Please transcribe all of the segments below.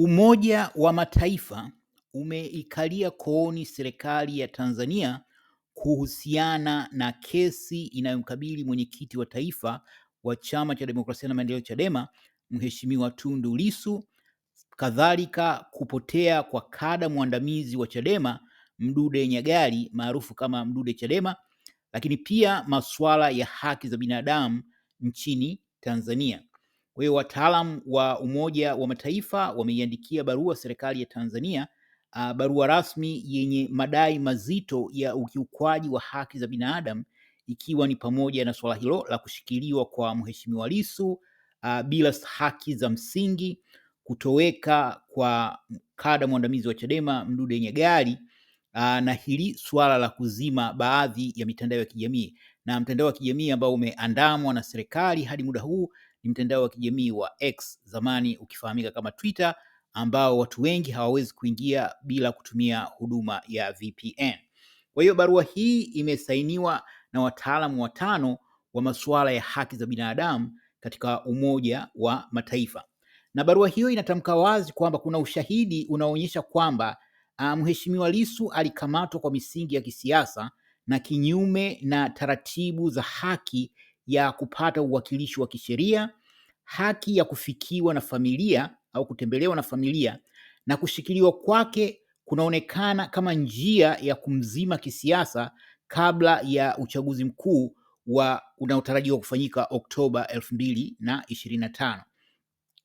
Umoja wa Mataifa umeikalia kooni serikali ya Tanzania kuhusiana na kesi inayomkabili mwenyekiti wa taifa wa Chama cha Demokrasia na Maendeleo Chadema, Mheshimiwa Tundu Lissu, kadhalika kupotea kwa kada mwandamizi wa Chadema Mdude Nyagali maarufu kama Mdude Chadema, lakini pia masuala ya haki za binadamu nchini Tanzania. Kwa hiyo wataalamu wa Umoja wa Mataifa wameiandikia barua serikali ya Tanzania uh, barua rasmi yenye madai mazito ya ukiukwaji wa haki za binadamu ikiwa ni pamoja na suala hilo la kushikiliwa kwa Mheshimiwa Lissu uh, bila haki za msingi, kutoweka kwa kada mwandamizi wa Chadema Mdude Nyagali uh, na hili suala la kuzima baadhi ya mitandao ya kijamii na mtandao wa kijamii ambao umeandamwa na serikali hadi muda huu ni mtandao wa kijamii wa X zamani ukifahamika kama Twitter, ambao watu wengi hawawezi kuingia bila kutumia huduma ya VPN. Kwa hiyo barua hii imesainiwa na wataalamu watano wa masuala ya haki za binadamu katika Umoja wa Mataifa, na barua hiyo inatamka wazi kwamba kuna ushahidi unaoonyesha kwamba uh, Mheshimiwa Lissu alikamatwa kwa misingi ya kisiasa na kinyume na taratibu za haki ya kupata uwakilishi wa kisheria, haki ya kufikiwa na familia au kutembelewa na familia, na kushikiliwa kwake kunaonekana kama njia ya kumzima kisiasa kabla ya uchaguzi mkuu wa unaotarajiwa kufanyika Oktoba elfu mbili na ishirini na tano.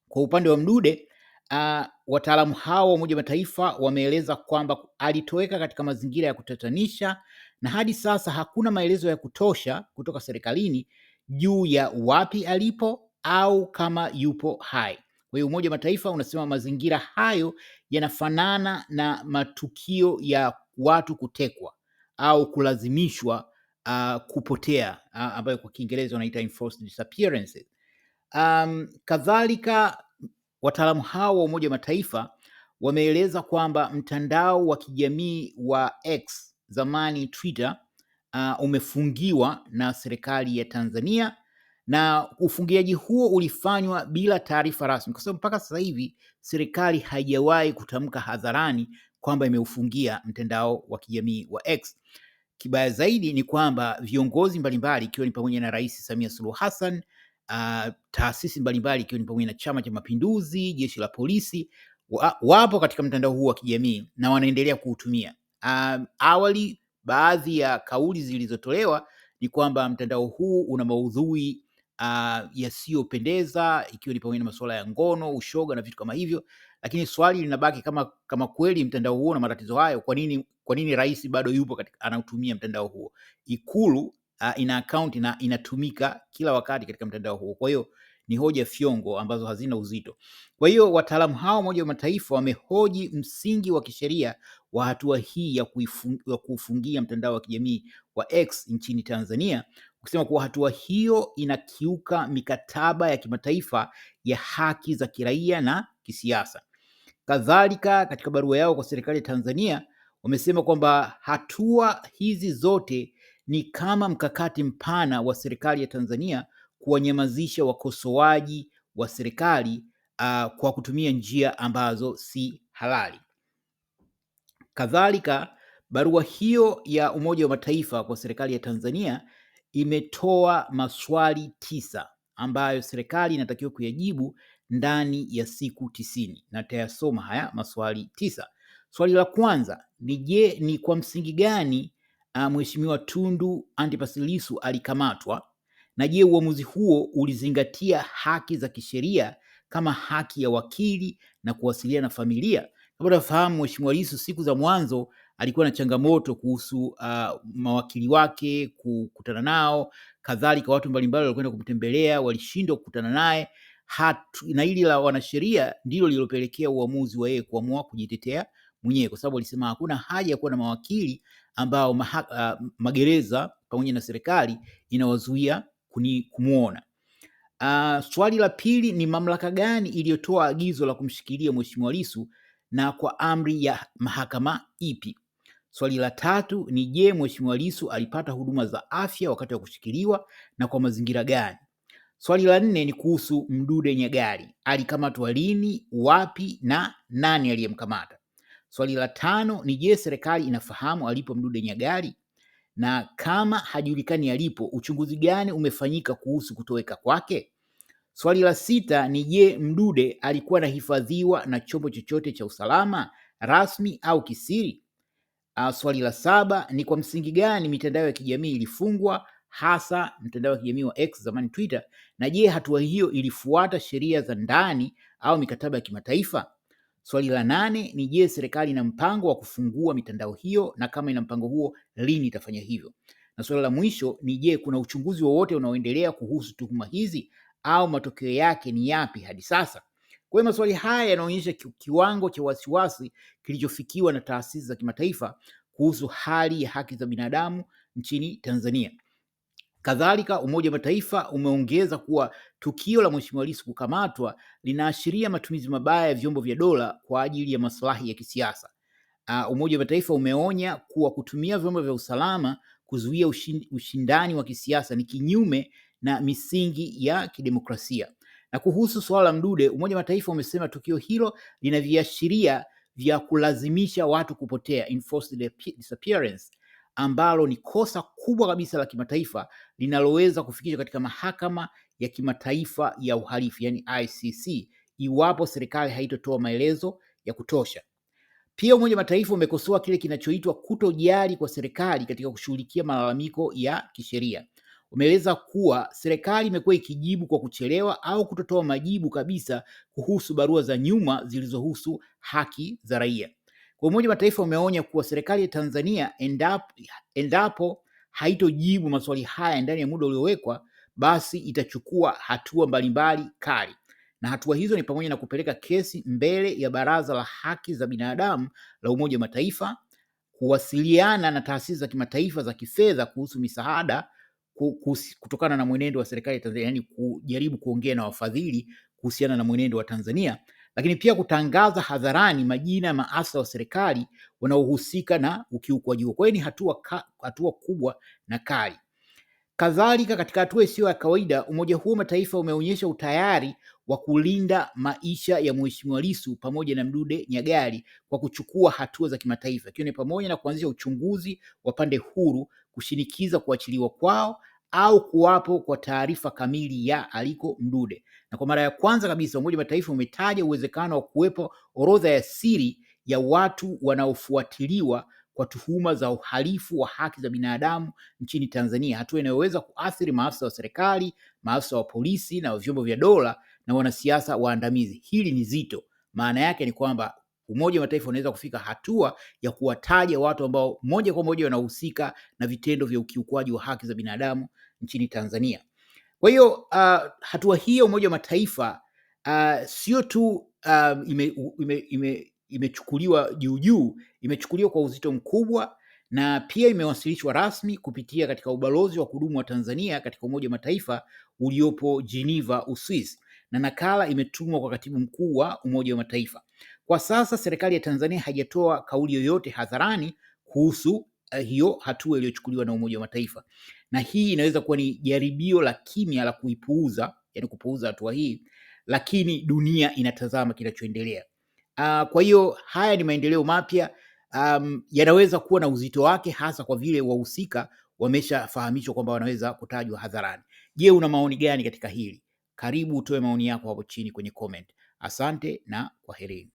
Kwa upande wa Mdude uh, wataalamu hao wa Umoja Mataifa wameeleza kwamba alitoweka katika mazingira ya kutatanisha na hadi sasa hakuna maelezo ya kutosha kutoka serikalini juu ya wapi alipo au kama yupo hai. Kwa hiyo Umoja wa Mataifa unasema mazingira hayo yanafanana na matukio ya watu kutekwa au kulazimishwa uh, kupotea uh, ambayo kwa Kiingereza wanaita enforced disappearances. Um, kadhalika wataalamu hao wa Umoja wa Mataifa wameeleza kwamba mtandao wa kijamii wa X zamani Twitter uh, umefungiwa na serikali ya Tanzania na ufungiaji huo ulifanywa bila taarifa rasmi, kwa sababu mpaka sasa hivi serikali haijawahi kutamka hadharani kwamba imeufungia mtandao wa kijamii wa X. Kibaya zaidi ni kwamba viongozi mbalimbali ikiwa ni pamoja na Rais Samia Suluhu Hassan, uh, taasisi mbalimbali ikiwa ni pamoja na Chama cha Mapinduzi, jeshi la polisi wa, wapo katika mtandao huu wa kijamii na wanaendelea kuutumia. Uh, awali baadhi ya kauli zilizotolewa ni kwamba mtandao huu una maudhui uh, yasiyopendeza ikiwa ni pamoja na masuala ya ngono, ushoga na vitu kama hivyo, lakini swali linabaki kama, kama kweli mtandao huo na matatizo hayo, kwa nini, kwa nini rais bado yupo anautumia mtandao huo? Ikulu uh, ina akaunti na inatumika kila wakati katika mtandao huo, kwa hiyo ni hoja fyongo ambazo hazina uzito. Kwa hiyo wataalamu hao Umoja wa Mataifa wamehoji msingi wa kisheria wa hatua hii ya kuufungia mtandao wa kijamii wa X nchini Tanzania, ukisema kuwa hatua hiyo inakiuka mikataba ya kimataifa ya haki za kiraia na kisiasa. Kadhalika, katika barua yao kwa serikali ya Tanzania wamesema kwamba hatua hizi zote ni kama mkakati mpana wa serikali ya Tanzania kuwanyamazisha wakosoaji wa serikali uh, kwa kutumia njia ambazo si halali. Kadhalika, barua hiyo ya Umoja wa Mataifa kwa serikali ya Tanzania imetoa maswali tisa ambayo serikali inatakiwa kuyajibu ndani ya siku tisini na tayasoma haya maswali tisa. Swali la kwanza ni je, ni kwa msingi gani uh, Mheshimiwa Tundu Antipas Lissu alikamatwa na je, uamuzi huo ulizingatia haki za kisheria kama haki ya wakili na kuwasiliana na familia? Kama tunafahamu, Mheshimiwa Lissu siku za mwanzo alikuwa na changamoto kuhusu uh, mawakili wake kukutana nao, kadhalika watu mbalimbali walikwenda kumtembelea walishindwa kukutana naye na hili la wanasheria ndilo lililopelekea uamuzi wa yeye kuamua kujitetea mwenyewe, kwa sababu alisema hakuna haja ya kuwa na mawakili ambao maha, uh, magereza pamoja na serikali inawazuia kumwona. Uh, ah, swali la pili ni mamlaka gani iliyotoa agizo la kumshikilia Mheshimiwa Lissu na kwa amri ya mahakama ipi? Swali la tatu ni je, Mheshimiwa Lissu alipata huduma za afya wakati wa kushikiliwa na kwa mazingira gani? Swali la nne ni kuhusu Mdude Nyagali, alikamatwa lini, wapi na nani aliyemkamata? Swali la tano ni je, serikali inafahamu alipo Mdude Nyagali na kama hajulikani alipo, uchunguzi gani umefanyika kuhusu kutoweka kwake? Swali la sita ni je, Mdude alikuwa anahifadhiwa na chombo chochote cha usalama rasmi au kisiri? Uh, swali la saba ni kwa msingi gani mitandao ya kijamii ilifungwa hasa mtandao wa kijamii wa X zamani Twitter, na je, hatua hiyo ilifuata sheria za ndani au mikataba ya kimataifa? Swali la nane ni je, serikali ina mpango wa kufungua mitandao hiyo, na kama ina mpango huo, lini itafanya hivyo? Na swali la mwisho ni je, kuna uchunguzi wowote unaoendelea kuhusu tuhuma hizi au matokeo yake ni yapi hadi sasa? Kwa hiyo maswali haya yanaonyesha kiwango cha wasiwasi kilichofikiwa na taasisi za kimataifa kuhusu hali ya haki za binadamu nchini Tanzania. Kadhalika, Umoja wa Mataifa umeongeza kuwa tukio la Mheshimiwa Lissu kukamatwa linaashiria matumizi mabaya ya vyombo vya dola kwa ajili ya maslahi ya kisiasa. Uh, Umoja wa Mataifa umeonya kuwa kutumia vyombo vya usalama kuzuia ushindani wa kisiasa ni kinyume na misingi ya kidemokrasia. Na kuhusu suala la Mdude, Umoja wa Mataifa umesema tukio hilo lina viashiria vya kulazimisha watu kupotea, enforced disappearance ambalo ni kosa kubwa kabisa la kimataifa linaloweza kufikishwa katika mahakama ya kimataifa ya uhalifu yani ICC iwapo serikali haitotoa maelezo ya kutosha. Pia Umoja wa Mataifa umekosoa kile kinachoitwa kutojali kwa serikali katika kushughulikia malalamiko ya kisheria. Umeeleza kuwa serikali imekuwa ikijibu kwa kuchelewa au kutotoa majibu kabisa kuhusu barua za nyuma zilizohusu haki za raia. Umoja wa Mataifa umeonya kuwa serikali ya Tanzania endapo, endapo haitojibu maswali haya ndani ya muda uliowekwa, basi itachukua hatua mbalimbali kali, na hatua hizo ni pamoja na kupeleka kesi mbele ya Baraza la Haki za Binadamu la Umoja wa Mataifa, kuwasiliana na taasisi za kimataifa za kifedha kuhusu misaada kutokana na mwenendo wa serikali ya Tanzania, yani kujaribu kuongea na wafadhili kuhusiana na mwenendo wa Tanzania lakini pia kutangaza hadharani majina ya maafisa wa serikali wanaohusika na ukiukwaji huo. Kwa hiyo ni hatua, ka, hatua kubwa na kali. Kadhalika, katika hatua isiyo ya kawaida, umoja huo mataifa umeonyesha utayari wa kulinda maisha ya Mheshimiwa Lissu pamoja na Mdude Nyagali kwa kuchukua hatua za kimataifa, ikiwa ni pamoja na kuanzisha uchunguzi wa pande huru, kushinikiza kuachiliwa kwao au kuwapo kwa taarifa kamili ya aliko Mdude. Na kwa mara ya kwanza kabisa Umoja wa Mataifa umetaja uwezekano wa kuwepo orodha ya siri ya watu wanaofuatiliwa kwa tuhuma za uhalifu wa haki za binadamu nchini Tanzania, hatua inayoweza kuathiri maafisa wa serikali, maafisa wa polisi na vyombo vya dola na wanasiasa waandamizi. Hili ni zito. Maana yake ni kwamba Umoja wa Mataifa unaweza kufika hatua ya kuwataja watu ambao moja kwa moja wanahusika na vitendo vya ukiukwaji wa haki za binadamu nchini Tanzania. Kwa hiyo uh, hatua hii ya Umoja wa Mataifa uh, sio tu uh, um, imechukuliwa ime, ime juu juu, imechukuliwa kwa uzito mkubwa na pia imewasilishwa rasmi kupitia katika ubalozi wa kudumu wa Tanzania katika Umoja wa Mataifa uliopo Geneva, Uswisi, na nakala imetumwa kwa katibu mkuu wa Umoja wa Mataifa. Kwa sasa serikali ya Tanzania haijatoa kauli yoyote hadharani kuhusu uh, hiyo hatua iliyochukuliwa na Umoja wa Mataifa, na hii inaweza kuwa ni jaribio la kimya la kuipuuza, yani kupuuza hatua hii, lakini dunia inatazama kinachoendelea. Uh, kwa hiyo haya ni maendeleo mapya um, yanaweza kuwa na uzito wake, hasa kwa vile wahusika wameshafahamishwa kwamba wanaweza kutajwa hadharani. Je, una maoni gani katika hili? Karibu utoe maoni yako hapo chini kwenye comment. Asante na kwaherini.